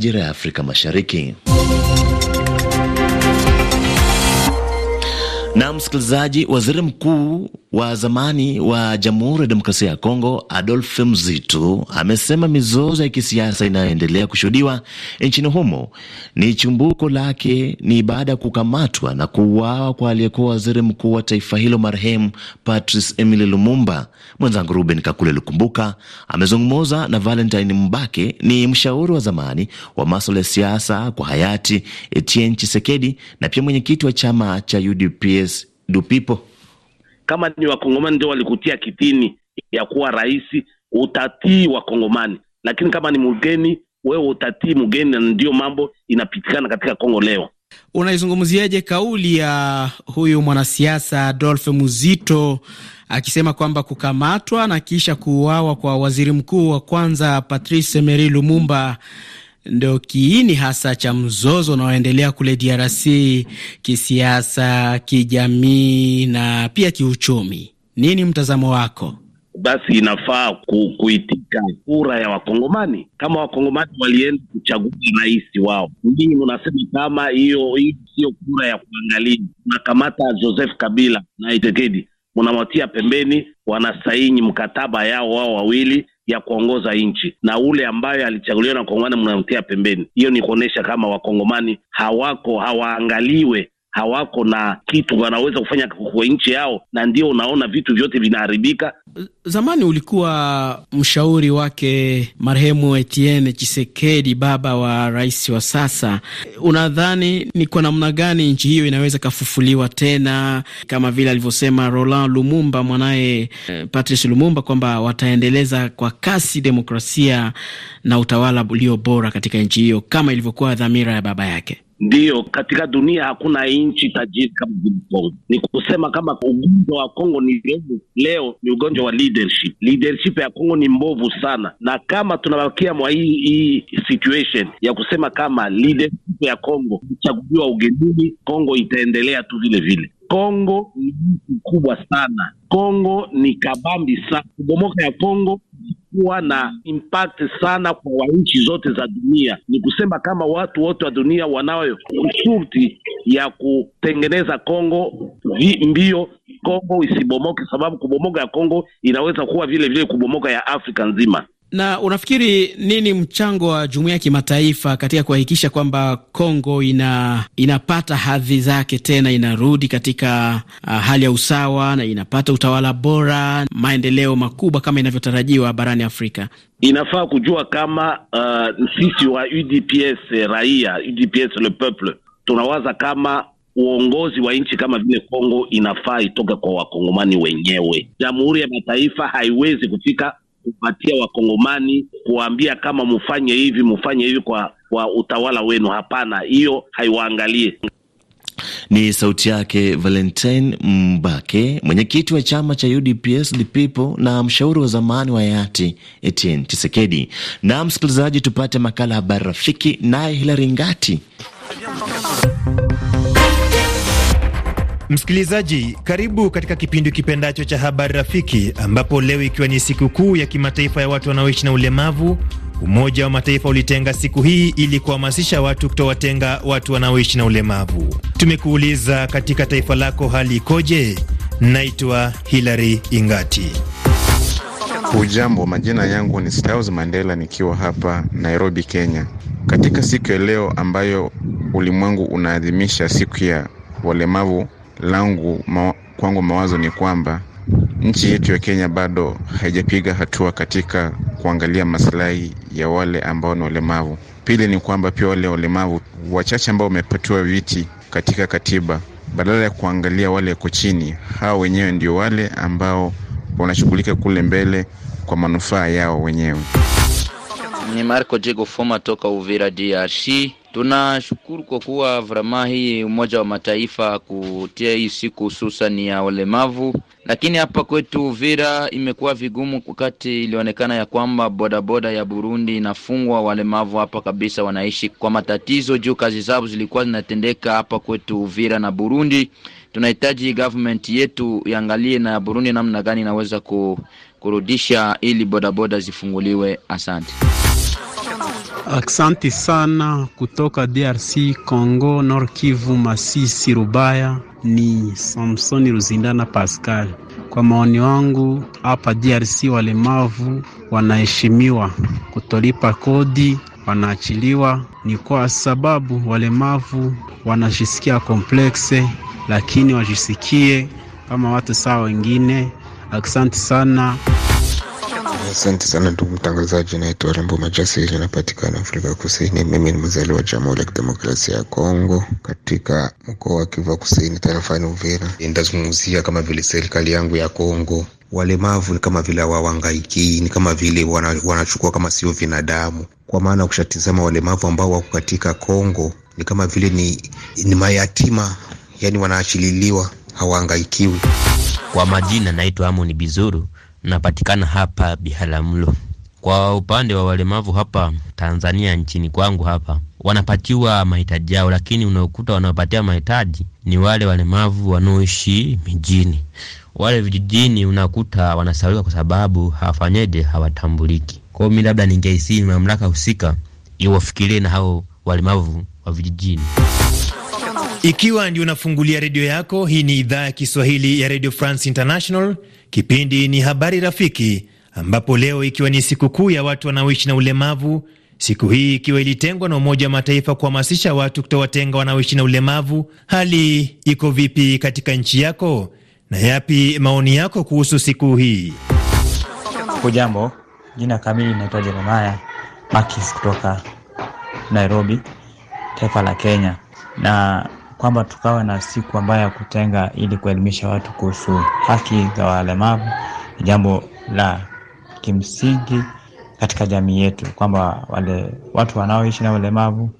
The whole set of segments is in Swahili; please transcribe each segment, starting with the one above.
Majira ya Afrika Mashariki. Na msikilizaji, waziri mkuu wa zamani wa Jamhuri ya Demokrasia ya Kongo Adolf Mzitu amesema mizozo ya kisiasa inayoendelea kushuhudiwa nchini humo ni chumbuko lake ni baada ya kukamatwa na kuuawa kwa aliyekuwa waziri mkuu wa taifa hilo marehemu Patrice Emile Lumumba. Mwenzangu Ruben Kakule Lukumbuka amezungumza na Valentine Mbake, ni mshauri wa zamani wa maswala ya siasa kwa hayati Etienne Chisekedi na pia mwenyekiti wa chama cha UDPS Dupipo. Kama ni wakongomani ndio walikutia kitini ya kuwa rais, utatii wakongomani, lakini kama ni mgeni wewe utatii mgeni, na ndiyo mambo inapitikana katika Kongo leo. Unaizungumziaje kauli ya huyu mwanasiasa Adolphe Muzito akisema kwamba kukamatwa na kisha kuuawa kwa waziri mkuu wa kwanza Patrice Emery Lumumba ndio kiini hasa cha mzozo unaoendelea kule DRC kisiasa, kijamii na pia kiuchumi. Nini mtazamo wako? Basi inafaa ku, kuitika kura ya Wakongomani. Kama Wakongomani walienda kuchagua rais wao, ndii unasema kama hiyo hii sio kura ya kuangalia. Unakamata Joseph Kabila na Itekedi, unamwatia pembeni, wanasaini mkataba yao wao wawili ya kuongoza nchi, na ule ambaye alichaguliwa na Wakongomani mnamtia pembeni. Hiyo ni kuonyesha kama Wakongomani hawako hawaangaliwe hawako na kitu wanaweza kufanya kwa nchi yao, na ndio unaona vitu vyote vinaharibika. Zamani ulikuwa mshauri wake marehemu Etienne chisekedi baba wa rais wa sasa. Unadhani ni kwa namna gani nchi hiyo inaweza kafufuliwa tena, kama vile alivyosema Roland Lumumba mwanaye eh, Patrice Lumumba kwamba wataendeleza kwa kasi demokrasia na utawala ulio bora katika nchi hiyo kama ilivyokuwa dhamira ya baba yake? Ndiyo, katika dunia hakuna nchi tajiri kama vile Kongo. Ni kusema kama ugonjwa wa Kongo ni leo, leo ni ugonjwa wa leadership. Leadership ya Kongo ni mbovu sana, na kama tunabakia mwa hii hii situation ya kusema kama leadership ya Kongo ichaguliwa ugenini, Kongo itaendelea tu vile vile. Kongo ni mtu kubwa sana, Kongo ni kabambi sana. Kubomoka ya Kongo kuwa na impact sana kwa wanchi zote za dunia. Ni kusema kama watu wote wa dunia wanayo shurti ya kutengeneza Kongo mbio Kongo isibomoke, sababu kubomoka ya Kongo inaweza kuwa vile vile kubomoka ya Afrika nzima. Na unafikiri nini mchango wa jumuiya ya kimataifa katika kuhakikisha kwamba Kongo ina inapata hadhi zake tena, inarudi katika uh, hali ya usawa na inapata utawala bora, maendeleo makubwa kama inavyotarajiwa barani Afrika? Inafaa kujua kama uh, sisi wa UDPS eh, raia, UDPS le peuple, tunawaza kama uongozi wa nchi kama vile Kongo inafaa itoke kwa wakongomani wenyewe. Jamhuri ya Mataifa haiwezi kufika kupatia Wakongomani, kuwaambia kama mfanye hivi mfanye hivi kwa, kwa utawala wenu. Hapana, hiyo haiwaangalie. Ni sauti yake Valentine Mbake, mwenyekiti wa chama cha UDPS the People na mshauri wa zamani wa hayati Etienne Tshisekedi. Na msikilizaji, tupate makala habari rafiki, naye Hilary Ngati Msikilizaji, karibu katika kipindi kipendacho cha Habari Rafiki, ambapo leo ikiwa ni siku kuu ya kimataifa ya watu wanaoishi na ulemavu, Umoja wa Mataifa ulitenga siku hii ili kuhamasisha watu kutowatenga watu wanaoishi na ulemavu. Tumekuuliza, katika taifa lako hali ikoje? Naitwa Hilary Ingati. ujambo majina yangu ni Stiles Mandela nikiwa hapa Nairobi, Kenya. Katika siku ya leo ambayo ulimwengu unaadhimisha siku ya walemavu langu ma, kwangu mawazo ni kwamba nchi yetu ya Kenya bado haijapiga hatua katika kuangalia masilahi ya wale ambao ni walemavu. Pili ni kwamba pia wale walemavu wachache ambao wamepatiwa viti katika katiba, badala ya kuangalia wale wako chini, hawa wenyewe ndio wale ambao wanashughulika kule mbele kwa manufaa yao wenyewe. Ni Marco Jego Foma toka Uvira DRC. Tunashukuru kwa kuwa vrama hii Umoja wa Mataifa kutia hii siku hususan ya walemavu, lakini hapa kwetu Uvira imekuwa vigumu, wakati ilionekana ya kwamba bodaboda ya Burundi inafungwa. Walemavu hapa kabisa wanaishi kwa matatizo juu kazi zao zilikuwa zinatendeka hapa kwetu Uvira na Burundi. Tunahitaji government yetu iangalie na Burundi namna gani inaweza kurudisha ili bodaboda zifunguliwe. Asante. Aksanti sana kutoka DRC Congo, Nord Kivu, Masisi, Rubaya. Ni Samsoni Ruzindana Pascal. Kwa maoni wangu hapa DRC walemavu wanaheshimiwa, kutolipa kodi wanaachiliwa, ni kwa sababu walemavu wanajisikia komplekse, lakini wajisikie kama watu sawa wengine. Asante sana. Asante sana ndugu mtangazaji, naitwa Rembo Majasiri, napatikana Afrika Kusini. Mimi ni mzaliwa wa Jamhuri ya Kidemokrasia ya Kongo, katika mkoa wa Kivu Kusini, tarafani Uvira. Nitazungumzia kama vile serikali yangu ya Kongo walemavu ni kama vile wawangaiki, ni kama vile wana, wanachukua kama sio binadamu, kwa maana ukishatizama walemavu ambao wako katika Kongo ni kama vile ni, ni mayatima, yani wanaachililiwa, hawaangaikiwi. Kwa majina naitwa Amoni Bizuru napatikana hapa Biharamulo. Kwa upande wa walemavu hapa Tanzania, nchini kwangu hapa, wanapatiwa mahitaji yao, lakini unaokuta wanapatia mahitaji ni wale walemavu wanaoishi mijini. Wale vijijini unakuta wanasaulika kwa sababu hawafanyeje, hawatambuliki. Kwa hiyo mi labda ningeisii mamlaka husika iwafikirie na hao walemavu wa vijijini. Ikiwa ndio unafungulia redio yako, hii ni idhaa ya Kiswahili ya Radio France International. Kipindi ni Habari Rafiki, ambapo leo ikiwa ni sikukuu ya watu wanaoishi na ulemavu, siku hii ikiwa ilitengwa na Umoja wa Mataifa kuhamasisha watu kutowatenga wanaoishi na ulemavu, hali iko vipi katika nchi yako na yapi maoni yako kuhusu siku hii? Hujambo, jina kamili inaitwa Jeremaya Makis kutoka Nairobi, taifa la Kenya na kwamba tukawa na siku ambayo ya kutenga ili kuelimisha watu kuhusu haki za walemavu ni jambo la kimsingi katika jamii yetu, kwamba wale watu wanaoishi na ulemavu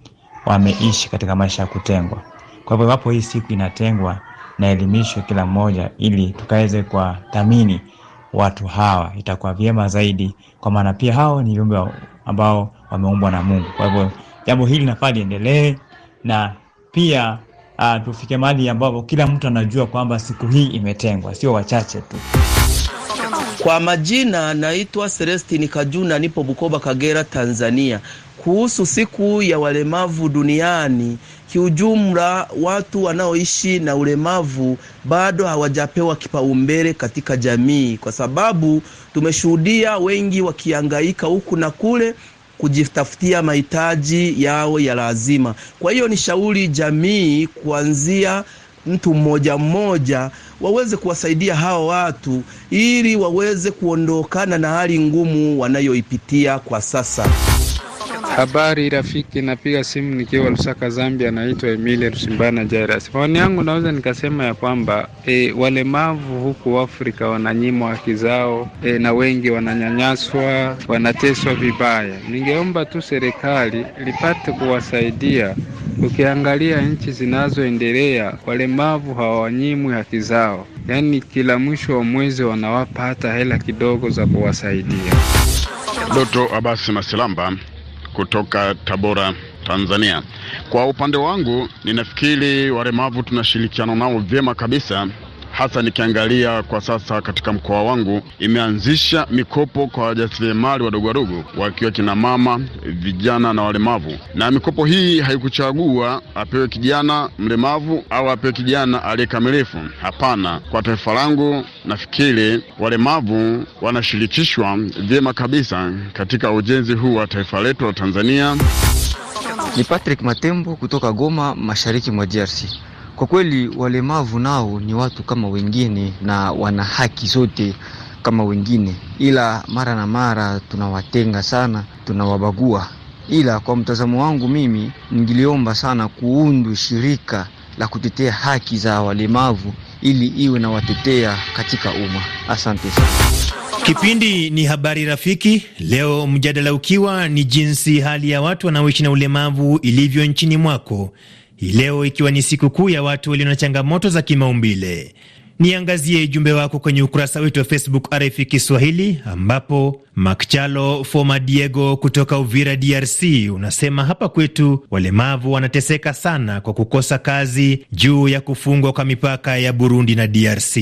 wameishi katika maisha ya kutengwa. Kwa hivyo iwapo hii siku inatengwa na elimishwe kila mmoja, ili tukaweze kuwathamini watu hawa, itakuwa vyema zaidi, kwa maana pia hao ni viumbe ambao wameumbwa na Mungu. Kwa hivyo jambo hili nafaa liendelee na pia uh, tufike mahali ambapo kila mtu anajua kwamba siku hii imetengwa, sio wachache tu. Kwa majina naitwa Celestine Kajuna, nipo Bukoba, Kagera, Tanzania. Kuhusu siku ya walemavu duniani, kiujumla watu wanaoishi na ulemavu bado hawajapewa kipaumbele katika jamii, kwa sababu tumeshuhudia wengi wakiangaika huku na kule kujitafutia mahitaji yao ya lazima. Kwa hiyo ni shauri jamii kuanzia mtu mmoja mmoja waweze kuwasaidia hao watu ili waweze kuondokana na hali ngumu wanayoipitia kwa sasa. Habari rafiki, napiga simu nikiwa Lusaka, Zambia. Naitwa Emilia Rusimbana Jairas. Maoni yangu naweza nikasema ya kwamba e, walemavu huku Afrika wananyimwa haki zao e, na wengi wananyanyaswa, wanateswa vibaya. Ningeomba tu serikali lipate kuwasaidia. Ukiangalia nchi zinazoendelea, walemavu hawanyimwi haki zao, yaani kila mwisho wa mwezi wanawapa hata hela kidogo za kuwasaidia. Doto Abasi Masilamba kutoka Tabora, Tanzania. Kwa upande wangu, ninafikiri walemavu tunashirikiana nao vyema kabisa hasa nikiangalia kwa sasa katika mkoa wangu, imeanzisha mikopo kwa wajasiriamali wadogo wadogo, wakiwa kina mama, vijana na walemavu. Na mikopo hii haikuchagua apewe kijana mlemavu au apewe kijana aliyekamilifu. Hapana, kwa taifa langu nafikiri walemavu wanashirikishwa vyema kabisa katika ujenzi huu wa taifa letu la Tanzania. Ni Patrick Matembo kutoka Goma, mashariki mwa DRC. Kwa kweli walemavu nao ni watu kama wengine na wana haki zote kama wengine, ila mara na mara tunawatenga sana, tunawabagua. Ila kwa mtazamo wangu mimi, ningiliomba sana kuundwe shirika la kutetea haki za walemavu ili iwe na watetea katika umma. Asante sana. Kipindi ni habari rafiki. Leo mjadala ukiwa ni jinsi hali ya watu wanaoishi na ulemavu ilivyo nchini mwako hii leo ikiwa ni siku kuu ya watu walio na changamoto za kimaumbile. Niangazie jumbe wako kwenye ukurasa wetu wa Facebook RFI Kiswahili, ambapo Makchalo Foma Diego kutoka Uvira, DRC, unasema hapa kwetu walemavu wanateseka sana kwa kukosa kazi juu ya kufungwa kwa mipaka ya Burundi na DRC.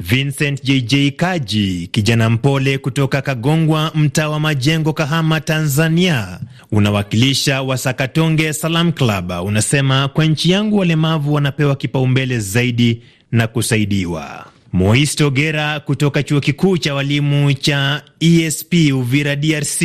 Vincent JJ Kaji, kijana mpole kutoka Kagongwa, mtaa wa Majengo, Kahama, Tanzania, unawakilisha Wasakatonge Salam Club, unasema kwa nchi yangu walemavu wanapewa kipaumbele zaidi na kusaidiwa. Moisto Gera kutoka chuo kikuu cha walimu cha ESP Uvira DRC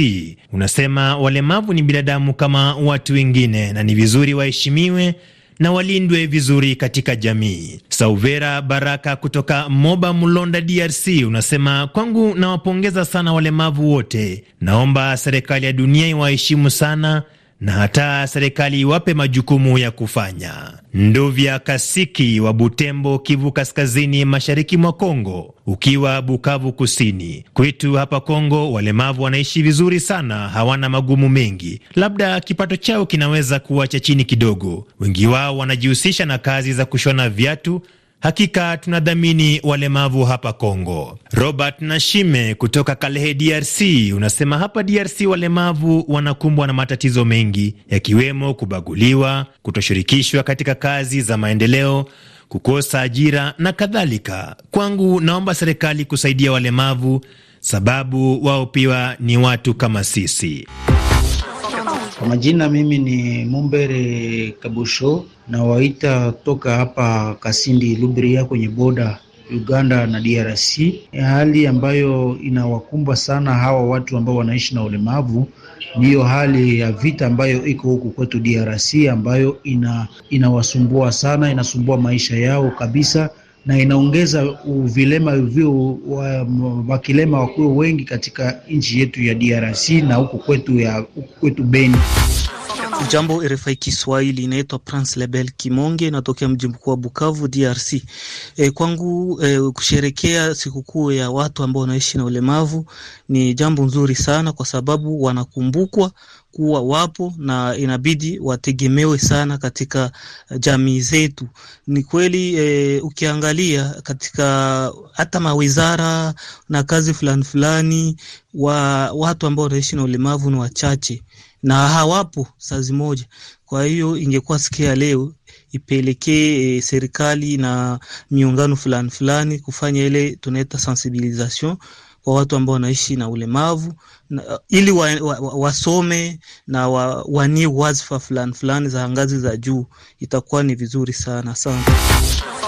unasema walemavu ni binadamu kama watu wengine na ni vizuri waheshimiwe na walindwe vizuri katika jamii. Sauvera Baraka kutoka Moba Mlonda DRC unasema kwangu, nawapongeza sana walemavu wote. Naomba serikali ya dunia iwaheshimu sana na hata serikali iwape majukumu ya kufanya. Nduvya Kasiki wa Butembo, Kivu Kaskazini, mashariki mwa Kongo, ukiwa Bukavu Kusini. Kwetu hapa Kongo walemavu wanaishi vizuri sana, hawana magumu mengi, labda kipato chao kinaweza kuwa cha chini kidogo. Wengi wao wanajihusisha na kazi za kushona viatu Hakika tunadhamini walemavu hapa Kongo. Robert Nashime kutoka Kalehe, DRC, unasema hapa DRC walemavu wanakumbwa na matatizo mengi yakiwemo kubaguliwa, kutoshirikishwa katika kazi za maendeleo, kukosa ajira na kadhalika. Kwangu naomba serikali kusaidia walemavu, sababu wao pia ni watu kama sisi. Kwa majina mimi ni Mumbere Kabusho na waita toka hapa Kasindi Lubria kwenye boda Uganda na DRC, e, hali ambayo inawakumba sana hawa watu ambao wanaishi na ulemavu ndiyo hali ya vita ambayo iko huku kwetu DRC, ambayo ina inawasumbua sana, inasumbua maisha yao kabisa na inaongeza uvilema vyo wakilema wakuwe wengi katika nchi yetu ya DRC na huku kwetu ya huku kwetu Beni. Jambo RFI Kiswahili, inaitwa Prince Lebel Kimonge, natokea mji mkuu wa Bukavu, DRC. E, eh, kwangu e, kusherekea sikukuu ya watu ambao wanaishi na ulemavu ni jambo nzuri sana, kwa sababu wanakumbukwa kuwa wapo na inabidi wategemewe sana katika jamii zetu. Ni kweli e, ukiangalia katika hata mawizara na kazi fulani fulani wa watu ambao wanaishi na ulemavu ni wachache na hawapo sazi moja. Kwa hiyo ingekuwa siku ya leo ipelekee eh, serikali na miungano fulani fulani kufanya ile tunaita sensibilisation kwa watu ambao wanaishi na ulemavu na, uh, ili wa, wa, wa, wasome na wa, wanii wazifa fulani fulani za ngazi za juu, itakuwa ni vizuri sana sana.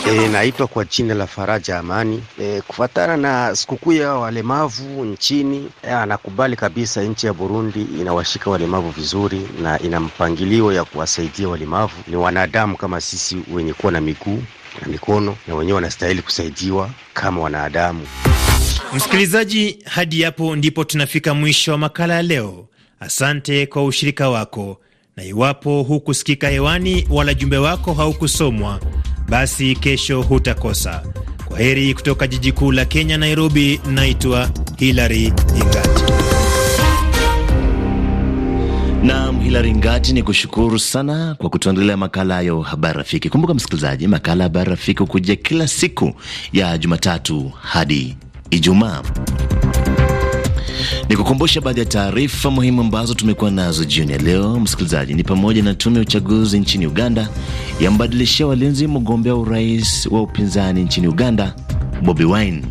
E, naitwa kwa jina la Faraja Amani. E, kufatana na sikukuu ya walemavu nchini, anakubali e, kabisa nchi ya Burundi inawashika walemavu vizuri na ina mpangilio ya kuwasaidia walemavu. Ni wanadamu kama sisi wenye kuwa na miguu na mikono, na wenyewe wanastahili kusaidiwa kama wanadamu. Msikilizaji, hadi hapo ndipo tunafika mwisho wa makala ya leo. Asante kwa ushirika wako, na iwapo hukusikika hewani wala jumbe wako haukusomwa, basi kesho hutakosa. Kwa heri kutoka jiji kuu la Kenya, Nairobi. Naitwa Hilary Ingati. Nam Hilari Ngati, ni kushukuru sana kwa kutuandalia makala ya habari rafiki. Kumbuka msikilizaji, makala ya habari rafiki hukujia kila siku ya Jumatatu hadi Ijumaa. Ni kukumbusha baadhi ya taarifa muhimu ambazo tumekuwa nazo jioni ya leo, msikilizaji, ni pamoja na tume ya uchaguzi nchini Uganda yambadilishia walinzi mgombea urais wa upinzani nchini Uganda Bobi Wine,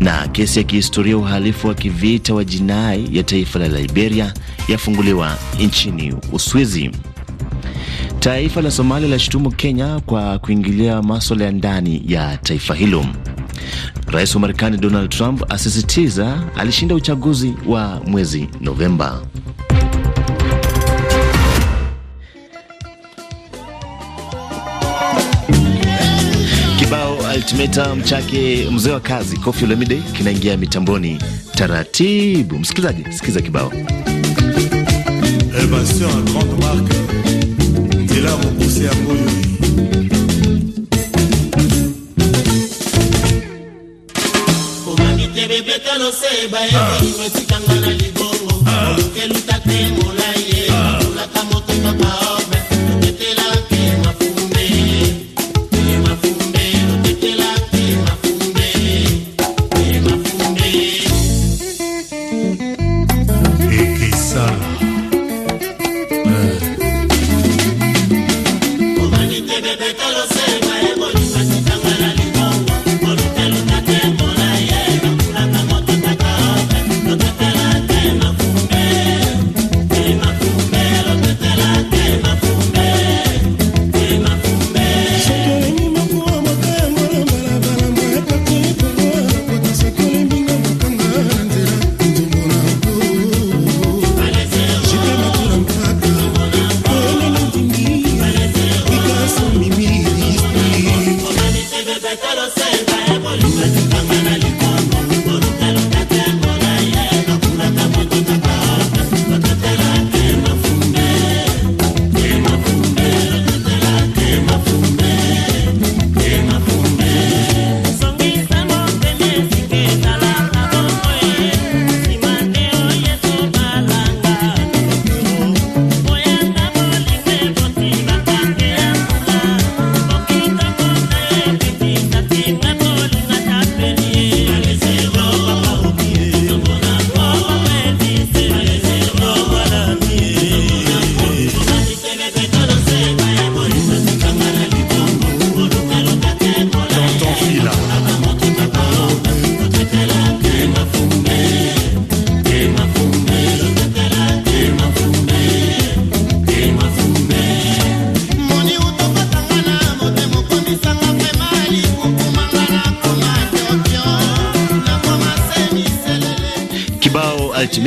na kesi ya kihistoria uhalifu wa kivita wa jinai ya taifa la Liberia yafunguliwa nchini Uswizi. Taifa la Somalia lashutumu Kenya kwa kuingilia maswala ya ndani ya taifa hilo. Rais wa Marekani Donald Trump asisitiza alishinda uchaguzi wa mwezi Novemba. Kibao ultimatum chake mzee wa kazi Koffi Olomide kinaingia mitamboni taratibu. Msikilizaji, sikiza kibao eh ben, kebebeta loseba yekoimo ah. etikanga na libongo keluta ah. te molai ye akulaka ah. motema pao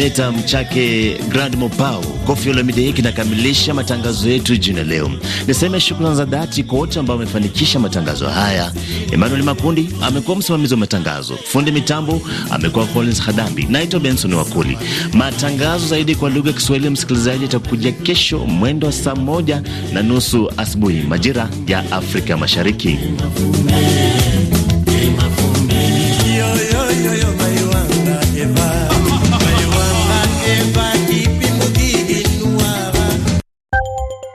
Meta mchake Grand Mopao. Kofi Olomide kinakamilisha matangazo yetu jioni leo. Niseme shukrani za dhati kwa wote ambao wamefanikisha matangazo haya. Emmanuel Makundi amekuwa msimamizi wa matangazo, fundi mitambo amekuwa Collins Hadambi, naitwa Benson Wakuli. Matangazo zaidi kwa lugha ya Kiswahili, msikilizaji, atakuja kesho mwendo wa saa moja na nusu asubuhi majira ya Afrika Mashariki.